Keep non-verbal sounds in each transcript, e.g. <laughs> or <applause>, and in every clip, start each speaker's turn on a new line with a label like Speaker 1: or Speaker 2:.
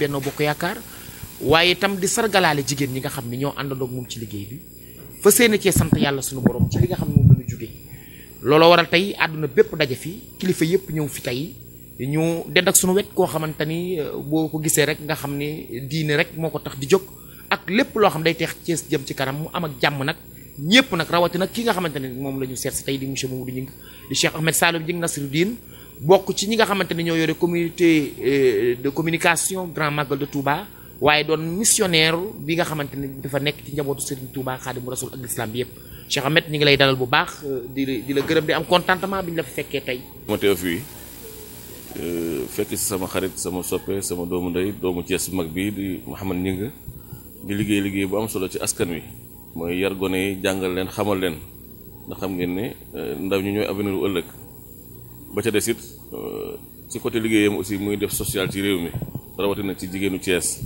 Speaker 1: Benno Bokk yakar waye tam di sargalale jigen ñi nga xamni ño andal ak mum ci liggey bi fa seen cee suñu borom ci li nga xamni ne ñu waral tay aduna bepp daje fi kilifa yépp ñew fi tay ñu dend ak suñu wét euh, ko xamantani ni ko rek nga xamni diiné rek moko tax di ak lepp lo xam day tax ci jëm ci karam mu am ak nak ñepp nak rawati nak ki nga xamante mom lañu sét tay di monsieur Mamadou ñing di Cheikh Ahmed Saloum ñing Nasruddin bok ci ñi nga xamanteni komuniti ñoo yoré communauté de communication grand magal de touba waye don missionnaire bi nga xamanteni dafa nek ci njabootu serigne touba khadim rasul ak islam bi yépp cheikh ahmed ñi ngi lay dalal bu baax euh, di di la gërëm di am contentement biñ la fi fekkee tey
Speaker 2: ma teew fii euh, fekk sama xarit sama soppé sama doomu ndey doomu ci mag bi di mohammed ñing di liggéey liggéey bu am solo ci askan wi moy yar goné jangal jàngal leen xamal leen da xam ngeen né euh, ndaw ñu ñoy avenir ëlëk ba ca des it ci eh, côté liggéeyam aussi muy def social ci réew mi na ci jigéenu Thiès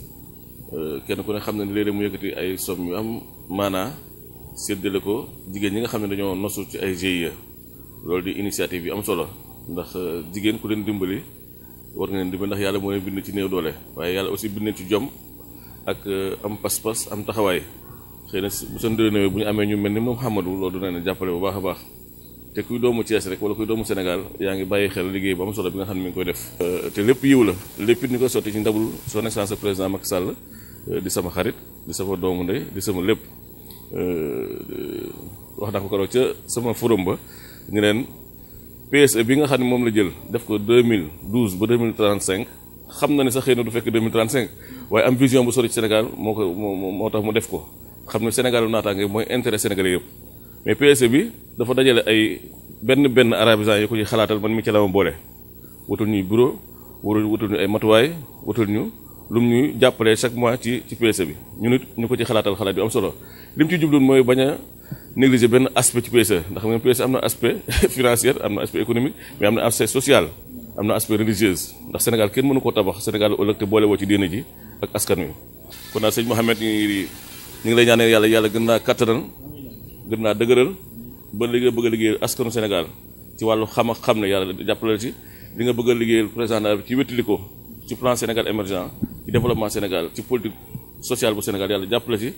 Speaker 2: eh, kenn ku ne xam ne léeg-léeg mu yëkkati ay som yu am mana séddale ko jigéen ñi nga xam ne dañoo nosu ci ay GIE loolu di initiative yu am solo ndax eh, jigéen ku leen dimbali war nga leen dimbali ndax yàlla moo leen bind ci néew doole waaye yàlla aussi bind ci jom ak am pas-pas am taxawaay xëy na bu sa ndërënewee bu ñu amee ñu mel ni xamadu loolu dina ne jàppale bu baax a baax te kuy doomu Thiès rek wala kuy doomu Sénégal yaa ngi bàyyi xel liggéey bu am solo bi nga xam ne mi euh, te lépp yiw la lépp it ñu koy sotti ci ndabul son excellence président Macky Sall euh, di sama xarit di sama doomu ndey di sama lépp euh, wax naa ko keroog ca sama forum ba ñu leen PSE bi nga xam ne moom la jël def ko 2012 ba 2035 xam na ne sax xëy na du fekk 2035 waaye am vision bu sori Sénégal moo ko moo moo tax mu def ko xam ne Sénégal lu mooy intérêt sénégalais yëpp mais PSE bi dafa dajale ay benn benn arabisant yi ko ci xalaatal man mi ci la boole wutul ñuy bureau wutul wutul ñu ay matuwaay wutul ñu lum ñuy jàppale chaque mois ci ci PSE bi ñu nit ñu ko ci xalaatal xalaat yu am solo lim ci jubluwoon mooy bañ a négliger benn aspect ci PSE ndax xam nga am na aspect <laughs> financier am na aspect économique mais am na aspect social am na aspect religieuse ndax Sénégal kenn mënu koo tabax Sénégal ëllëg te ci diine ji ak askan wi kon a sëñ Mouhamed yàlla yàlla gën naa kattanal gën naa dëgëral ba li nga bëgg liggéey liggéeyal askanu Sénégal ci wàllu xam ak xam ne yàlla jàppale si li nga bëgg a liggéeyal président bi ci wétali ko ci plan Sénégal émergent ci développement Sénégal ci politique social bu Sénégal yàlla jàppale si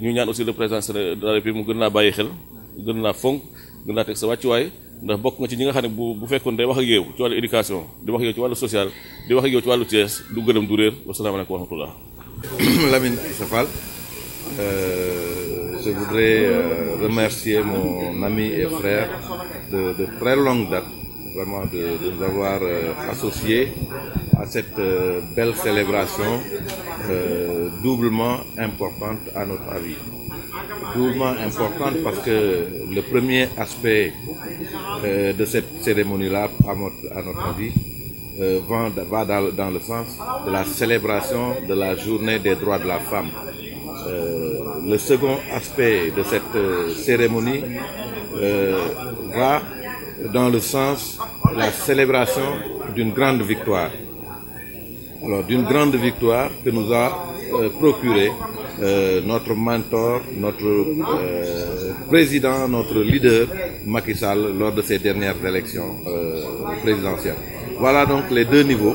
Speaker 2: ñu ñaan aussi le président de bi mu gën naa bàyyi xel gën naa fonk gën naa teg sa wàccuwaay ndax bokk nga ci ñi nga xam ne bu bu fekkoon day wax ak yow ci wàllu éducation di wax ak yow ci wàllu social di wax ak yow ci wàllu Thiès du gërëm du réer wasalaamaaleykum wa rahmatullah <coughs>
Speaker 3: je voudrais euh, remercier mon ami et frère de, très longue date, vraiment de, nous avoir euh, associés à cette euh, belle célébration doublement importante à notre avis. Doublement importante parce que le premier aspect de cette cérémonie-là, à, notre, avis, va, dans le sens de la célébration de la journée des droits de la femme le second aspect de cette euh, cérémonie euh, va dans le sens de la célébration d'une grande victoire. Alors, d'une grande victoire que nous a euh, procuré notre mentor, notre président, notre leader Macky Sall lors de ces dernières élections présidentielles. Voilà donc les deux niveaux.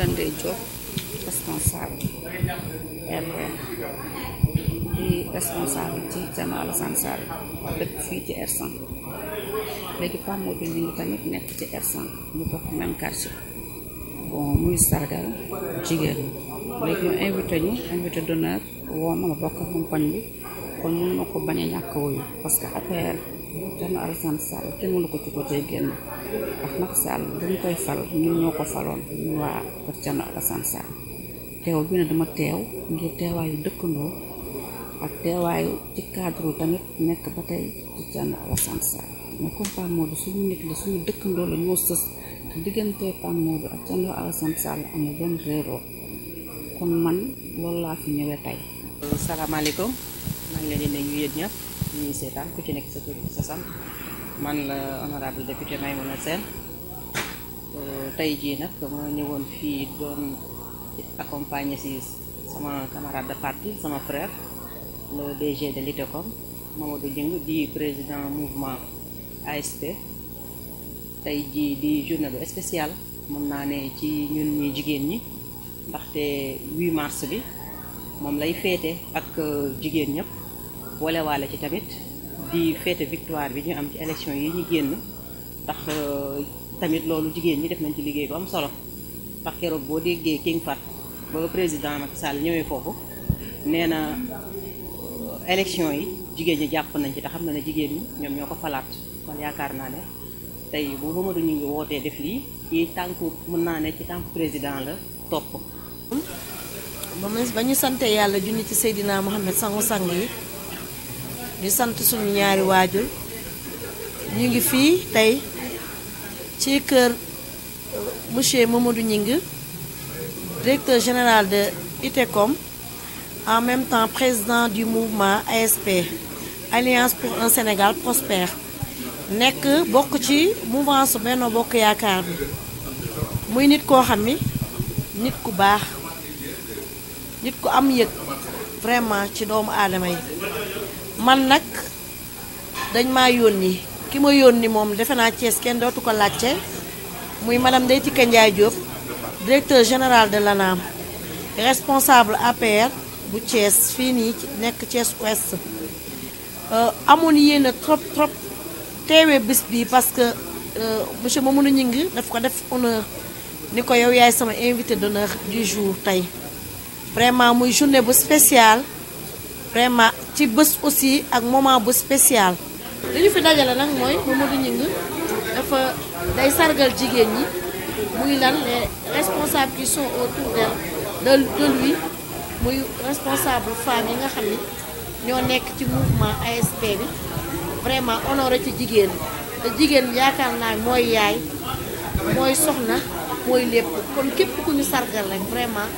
Speaker 4: la Ndeye Diop responsable RPM di responsable ci Thierno Alassane dëkk fii ci r léegi Pape Modou ngi tamit nekk ci R100 ñu bokk même quartier muy sargal jigéen léegi ñu invité ñu invité d'honneur woo bokk moom bi kon mënu ko bañ a ñàkk wuyu parce que APR Thierno kenn mënu ko ci côté génn ndax Macky Sall dañ koy fal ñun ñoo ko faloon ñun waa kër Thierno Alassane teew bi ne dama teew ngir teewaayu dëkkandoo ak teewaayu ci cadre tamit nekk ba tey ci Thierno Alassane Sall mais comme suñu nit la suñu dëkkandoo la ñoo sës diggante Pape Modou ak Thierno Alassane Sall amul benn réeroo kon man loolu laa fi ñëwee tey. salaamaaleykum maa ngi leen di nuyu yéen ci nekk sa tur man la honorable député Maïmouna Sène euh, tey jii nag ma ñëwoon fii doon accompagner si sama camarade de parti sama frère le DG de l'ITECOM Mamadou Dieng di président mouvement ASP tey jii di journée bu spéciale mën naa ne ci ñun ñi jigéen ñi ndaxte 8 mars bi moom lay féete ak jigéen ñëpp walewaale ci tamit di fête victoire bi ñu am ci élection yi ñu génn ndax euh, tamit loolu jigéen ñi def nañ ci liggéey bu am solo ndax keroog boo déggee King Fat ba président Macky Sall ñëwee foofu nee na euh, élection yi jigéen ñi jàpp nañ ci te xam na ne jigéen ñi ñoom ñoo ko falaat kon yaakaar naa ne tey bu Mamadou ñu ngi wootee def lii ci tànku mën naa ne ci tànku président la topp
Speaker 5: ba mu ba ñu sante yàlla junni ci Seydina Mohamed sangu sang yi ni sant suñu ñaari waajur ñu ngi ci euh, monsieur directeur général de ITECOM en même temps président du mouvement ASP Alliance pour un Sénégal prospère nekk bokk ci mouvement su Benno Bokk Yaakaar bi muy nit koo ni nit ku nit ku am vraiment ci doomu man nak dañ ma yoni ki ma yónni moom defe naa Thiès kenn ko laajte muy madame Ndeye Tické Diop directeur général de l'ANAM responsable APR bu ties fini nek ties Thiès Ouest euh, amoon yéene trop trop téwé bis bi parce que euh, monsieur Mamadou Gningue daf ko def honneur niko yow yaay sama invité d'honneur du jour tay vraiment muy journée bu spéciale vraiment ci bés aussi ak moment bu spécial. li fi dajale nag mooy Mamadou Gningue dafa day sargal jigéen ñi muy lan les responsables qui sont autour d'elle de lui muy responsable femme yi nga xam ni ñoo nekk ci mouvement ASP bi vraiment honoré ci jigéen te jigéen yaakaar naa mooy yaay mooy soxna mooy lépp kon képp ku ñu sargal rek vraiment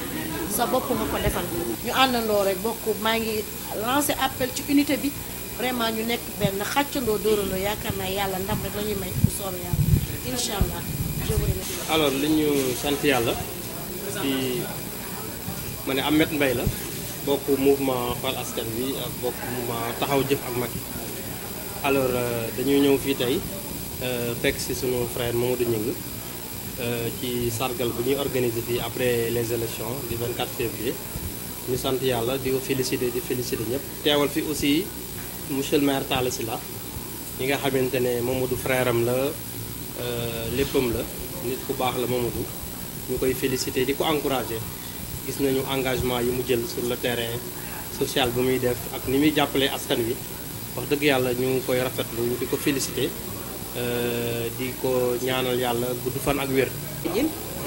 Speaker 5: sa bopp ko defal. ñu àndandoo rek bokk maa ngi lancé appel ci unité bi vraiment ñu nekk benn xàccandoo dóorandoo yaakaar naa yàlla ndam rek la ñuy may bu soobee yàlla incha allah.
Speaker 1: alors li ñu sant yàlla ci ma ne Ahmed Mbaye la bokk mouvement Fal Askan bi ak bokk mouvement taxaw jëf ak Macky alors euh, dañuy ñëw fii tey euh, fekk si sunu frère Mamadou Gningue euh, ci sargal bu ñuy organiser fii après les élections du 24 février. ñu sant yàlla di ko félicité di félicité ñëpp teewal fi aussi
Speaker 4: monsieur le maire Talla la ñi nga xamante ne Mamadou du am la euh,
Speaker 1: léppam la nit ku baax la Mamadou ñu koy félicité di ko encouragé gis nañu engagement yi mu jël sur le terrain social bu muy def ak ni muy jàppale askan wi wax dëgg yàlla ñu ngi koy rafetlu di ko félicité euh, di ko ñaanal yàlla gudd fan ak wér.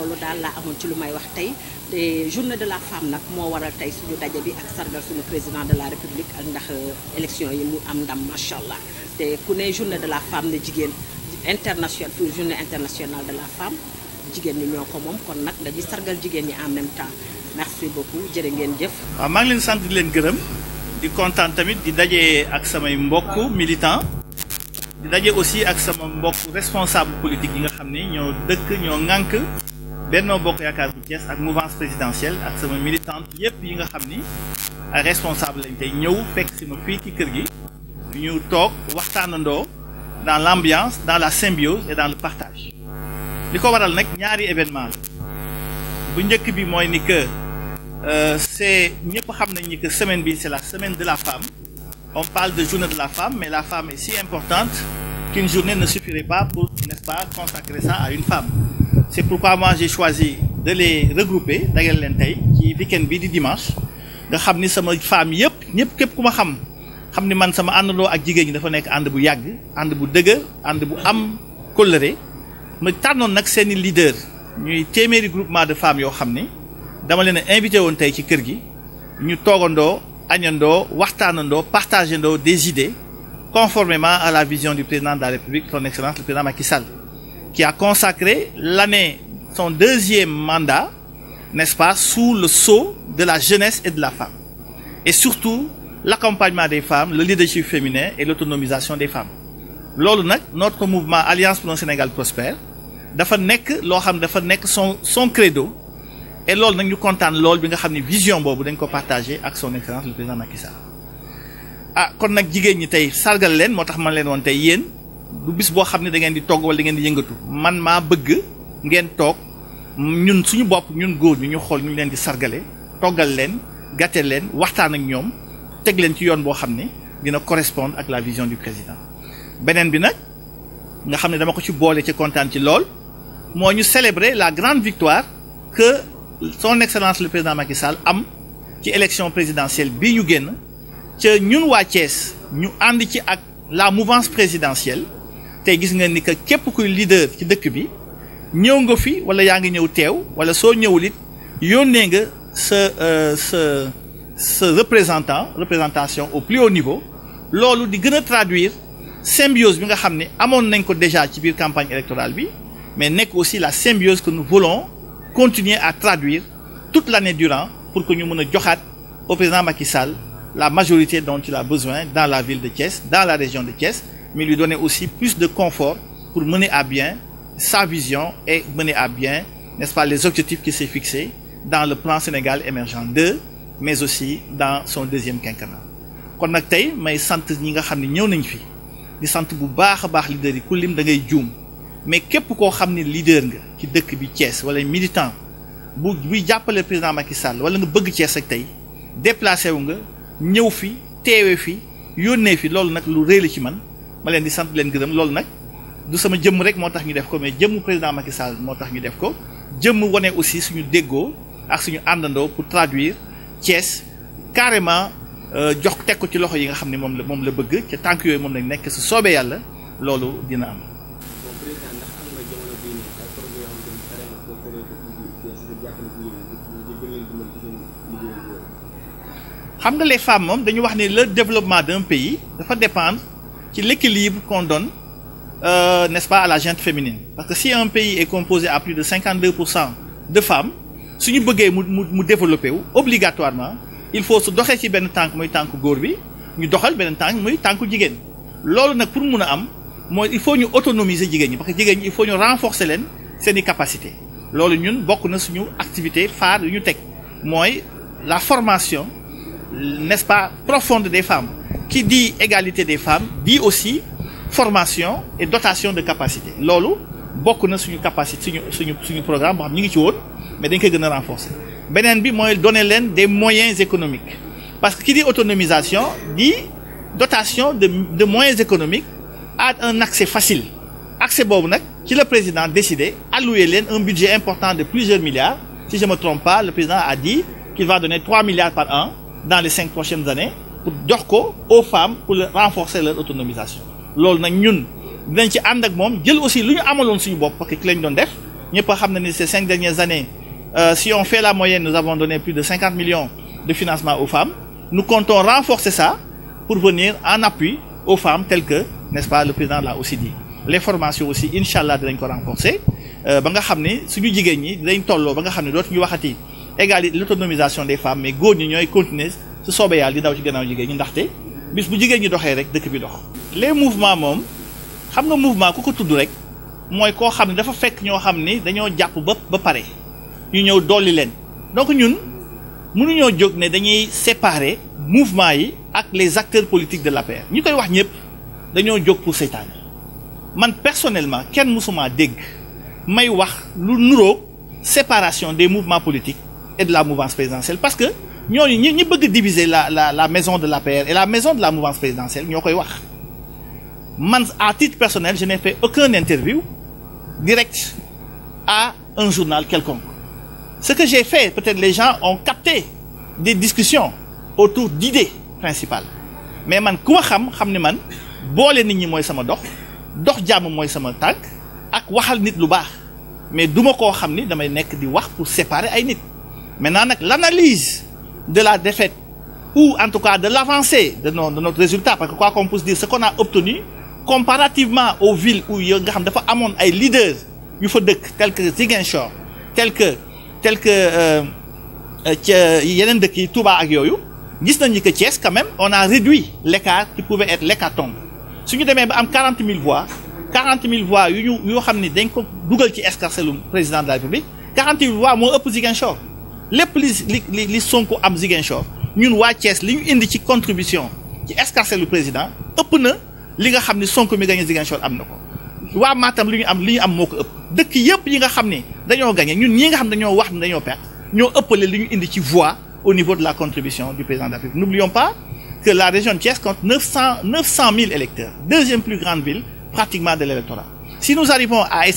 Speaker 4: le dal journée de la femme nak mo waral tay suñu bi ak président de la république ak euh, élection yi mu am ndam journée de la femme le jigen internationale journée de la femme kon en même temps merci beaucoup jërë ngeen jëf.
Speaker 1: ngi leen di leen militant aussi ak sama mbokk responsable politique nga Benno Bokk yakar bu ties ak mouvance présidentielle ak sama militante yépp yi nga xam ni responsable lañ tey ñëw fekk si ma fii ci kër gi ñu toog waxtaanandoo dans l'ambiance dans la symbiose et dans le partage li ko waral nag ñaari événement bu njëkk bi mooy ni que euh, c'est ñëpp xam nañ ni que semaine bi c'est la semaine de la femme on parle de journée de la femme mais la femme est si importante qu'une journée ne suffirait pas pour ne ce pas consacrer ça à une femme c'est pourquoi moi j'ai choisi de les regrouper dajal len tay ci weekend bi di dimanche nga xamni sama femme yëpp ñëpp képp kuma xam xamni man sama àndandoo ak jigéen ñi dafa nekk and bu yagg and bu dëgër and bu am kóllëre ma tànnoon nag seeni leader ñuy téeméeri groupement de femmes yoo xam ne, dama leen a invité woon tey ci kër gi ñu toogandoo añandoo waxtaanandoo partagéndoo des idées conformément à la vision du président de la République son excellence le président Macky Sall qui a consacré l'année, son deuxième mandat, n'est-ce pas, sous le sceau de la jeunesse et de la femme. Et surtout, l'accompagnement des femmes, le leadership féminin et l'autonomisation des femmes. notre mouvement Alliance pour un Sénégal prospère son credo et lors nous ñu vision que nous ko son excellence le président ah, du bis boo xam ne da ngeen di togg wala da ngeen di yëngatu man maa bëgg ngeen toog ñun suñu bopp ñun góor ñi ñu xool ñu leen di sargale toggal leen gàtteel leen waxtaan ak ñoom teg leen ci yoon boo xam ne dina correspondre ak la vision du président beneen bi nag nga xam ne dama ko ci boole ci kontaan ci lool moo ñu célébrer la grande victoire que son excellence le président Macky Sall am ci élection présidentielle bii ñu génn ca ñun waa Thiès ñu ànd ci ak la mouvance présidentielle tey gis nga ni que képp kuy leader ci dëkk bi ñëw nga fi wala yaa ngi ñëw teew wala soo ñëwul yónnee nga sa euh, sa ce représentant représentation au plus haut niveau loolu di gën a traduire symbiose bi nga xam ne amoon nañ ko déjà ci biir campagne électorale bi mais nekk aussi la symbiose que nous voulons continuer à traduire toute l'année durant pour que ñu mën a au président Macky Sall la majorité dont il a besoin dans la ville de Thiès dans la région de Thiès mais lui donner aussi plus de confort pour mener à bien sa vision et mener à bien, n'est-ce pas, les objectifs qui s'est fixés dans le plan Sénégal émergent 2, mais aussi dans son deuxième quinquennat. kon nag tey may sant ñi nga xam ne ñëw nañ fi di sant bu baax baax leader yi ku lim da mais képp pour xam leader nga ci dëkk bi Thiès wala militant bu buy le président Macky Sall wala nga bëgg Thiès ak tey vous wu nga ñëw fi teewe fi yónnee fi loolu nag lu ci man ma leen di sant leen gërëm loolu nag du sama jëmm rek moo tax ñu def ko mais jëmm président Macky moo tax ñu def ko jëmm wane aussi suñu déggoo ak suñu àndandoo pour traduire Thiès carrément euh, jox teg ko ci loxo yi nga xam ne moom la moom la bëgg ca tànk yooyu moom lañ nekk su soobee yàlla loolu dina am. xam nga les femmes moom dañu wax ne le développement d'un pays dafa dépendre. ci l'équilibre qu'on donne euh, n'est-ce pas à la gente féminine parce que si un pays est composé à plus de 52 de femmes si nous voulons nous mu obligatoirement il faut se nous ci ben tank, muy tank gourbi, nous ñu doxal benn moi muy pour mun am il faut nous autonomiser les gens. parce que il faut ñu renforcer les capacités. i capacité loolu nous beaucoup na suñu activité phare nous ñu la formation n'est-ce pas profonde des femmes qui dit égalité des femmes dit aussi formation et dotation de capacités Lolo, qui une capacité suñu programme mais dañ koy renforcer des moyens économiques parce que qui dit autonomisation dit dotation de moyens économiques à un accès facile accès bonne, qui le le président décidé d'allouer un budget important de plusieurs milliards si je ne me trompe pas le président a dit qu'il va donner 3 milliards par an dans les cinq prochaines années pour jox aux femmes pour renforcer leur autonomisation lool nak ñun dinañ ci and ak mom jël aussi lu ñu amaloon suñu bop parce que ki lañ doon def ñepp ni ces cinq dernières années euh, si on fait la moyenne nous avons donné plus de 50 millions de financement aux femmes nous comptons renforcer ça pour venir en appui aux femmes tel que n'est-ce pas le président l'a aussi dit les formations aussi inshallah allah dinañ ko renforcer euh, ba nga xam suñu jigéen ñi dinañ tollo ba nga xam ne ñu waxati égalité l'autonomisation des femmes mais góor ñi continuer su soobee yàlla di daw ci gannaaw jigéen ñi ndaxte bis bu jigéen ñi doxee rek dëkk bi dox. les mouvements moom xam nga mouvement ku ko tudd rek mooy koo xam ne dafa fekk ñoo xam dañoo jàpp ba ba pare ñu ñëw dolli leen donc ñun mënuñoo jóg ne dañuy séparer mouvement yi ak les acteurs politiques de paix. ñi koy wax ñëpp dañoo jóg pour seytaan man personnellement kenn mësuma dégg may wax lu la séparation des mouvements politiques et de la mouvance présidentielle parce que ñooñu ñi bëgg diviser la la la maison de la l'APR et la maison de la mouvance présidentielle ñoo koy wax man à titre personnel je n'ai fait aucun interview direct à un journal quelconque ce que j'ai fait peut-être les gens ont capté des discussions autour d'idées principales mais man ku ma xam xam ne man boole nit ñi mooy sama dox dox jàmm mooy sama tànk ak waxal nit lu baax mais duma koo xam ni damay nekk di wax pour séparer ay nit maintenant nag l'analyse de la défaite ou en tout cas de l'avancée de, notre résultat, parce que quoi qu'on puisse dire, ce qu'on a obtenu, comparativement aux villes où il y a des leaders, il faut tels que Zigenchor tels que, tel que, euh, qui tout va Touba ak que Thiès quand même on a réduit l'écart qui pouvait être l'écart tombe qui est ba am 40 voix 40 000 voix yu ñu yoo google qui est ko président de la République 40 000 voix moo pour Zigenchor les li li li Sonko am Ziguinchor ñun waa Thiès li contribution ci président ëpp na li nga xam Sonko Ziguinchor am Matam li am li am ëpp yëpp yi gagné ñun ñi nga dañoo wax dañoo ñoo voix au niveau de la contribution du président n'oublions pas que la région de Thiès compte 900 900 000 électeurs deuxième plus grande ville pratiquement de l'électorat si nous arrivons à être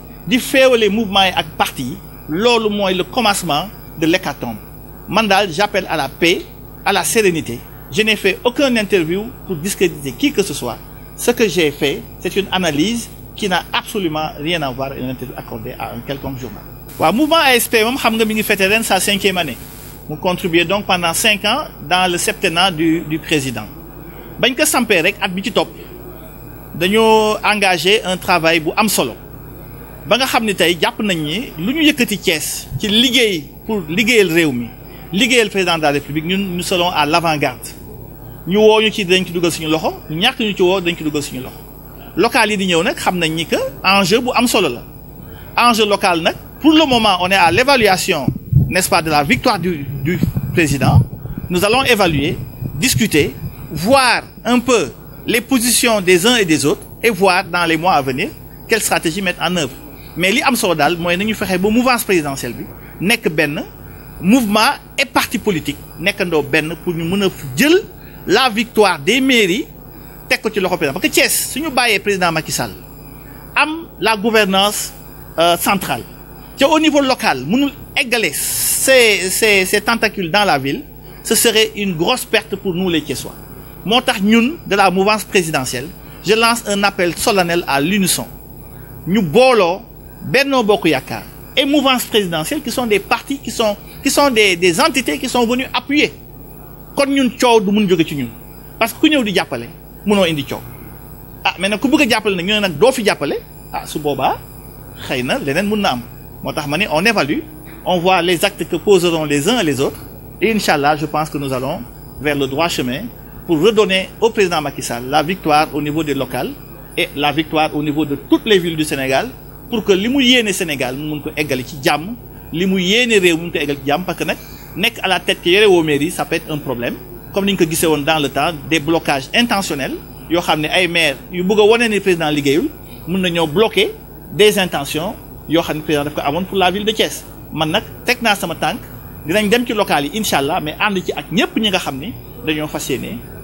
Speaker 1: di où les mouvements ak parti le mois et le commencement de l'hécatombe mandal j'appelle à la paix à la sérénité je n'ai fait aucune interview pour discréditer qui que ce soit ce que j'ai fait c'est une analyse qui n'a absolument rien à voir une interview accordée à un quelconque journal wa mouvement ASP mom xam nga mi ngi sa cinquième année mu contribué donc pendant cinq ans dans le septennat du du président Je ko sampé rek at bi ci top un travail pour am solo ba nga xam ni tey jàpp nañ ni lu ñu yëkkati Thiès ci liggéey pour liggéeyal réew mi liggéeyal président de la république ñun nous serons à l'avant-garde ñu woo ñu ci dañ ci dugal suñu loxo ñàkk ñu ci woo dañ ci dugal suñu loxo local yi di ñëw nag xam nañ ni que enjeu bu am solo la enjeu local nag pour le moment on est à l'évaluation n'est-ce pas de la victoire du du président nous allons évaluer discuter voir un peu les positions des uns et des autres et voir dans les mois à venir quelle stratégie mettre en œuvre mais li am solo que nous nañu fexé ba mouvance présidentielle bi nek ben mouvement et parti politique ben pour ñu mëna jël la victoire des mairies tek ko ci loxo parce que Thiès suñu bayé président Macky Sall am la gouvernance euh, centrale au niveau local si égaler ces ces ces tentacules dans la ville ce serait une grosse perte pour nous les Thiessois moo ñun de la mouvance présidentielle je lance un appel solennel à l'unisson ñu bolo Benno Bokuyaka et mouvance présidentielle qui sont des partis qui sont qui sont des, des entités qui sont venues appuyer kon ñun coow du mun jóge ci parce que ku ñëw di jàppale munoo indi coow ah mais nag ku bëgg a jàppale ñu ne nag pas fi jàppale ah su Boba, xëy na leneen mun am moo on évalue on voit les actes que poseront les uns et les autres et Inch'Allah je pense que nous allons vers le droit chemin pour redonner au président Macky Sall la victoire au niveau des locales et la victoire au niveau de toutes les villes du Sénégal pour que li mu yéene Sénégal mu mun ko eggale ci jàmm li mu yéene réew mu mun ko eggale ci jàmm parce que nag nekk à la tête ki yore woo ça peut être un problème comme ni ñu ko gisee woon dans le temps des blocages intentionnels yoo xam ne ay maire yu bëgg a wane ni président liggéeyul mun na ñoo bloquer des intentions yoo xam ne président daf ko amoon pour la ville de Thiès man nag teg naa sama tànk dinañ dem ci local yi incha allah mais ànd ci ak ñëpp ñi nga xam ne dañoo fas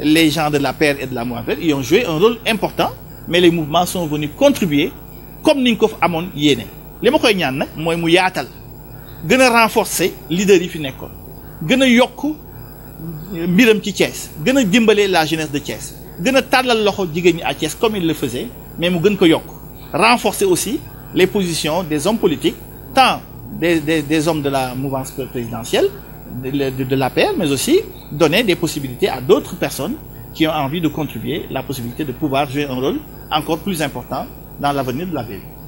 Speaker 1: les gens de la paix et de la paix, ils ont joué un rôle important, mais les mouvements sont venus contribuer comme Ninkov, Amon Yene, Les amoon yéene je ñaan renforcer leader yi fi nekkoon a euh, mbiram ci la jeunesse de Thiès gën a tàllal loxo à Thiès comme il le faisait mais mu gën ko renforcer aussi les positions des hommes politiques tant des hommes de la mouvance présidentielle de de paix, mais aussi donner des possibilités à d'autres personnes qui ont envie de contribuer, la possibilité de pouvoir jouer un rôle encore plus important dans l'avenir de la ville.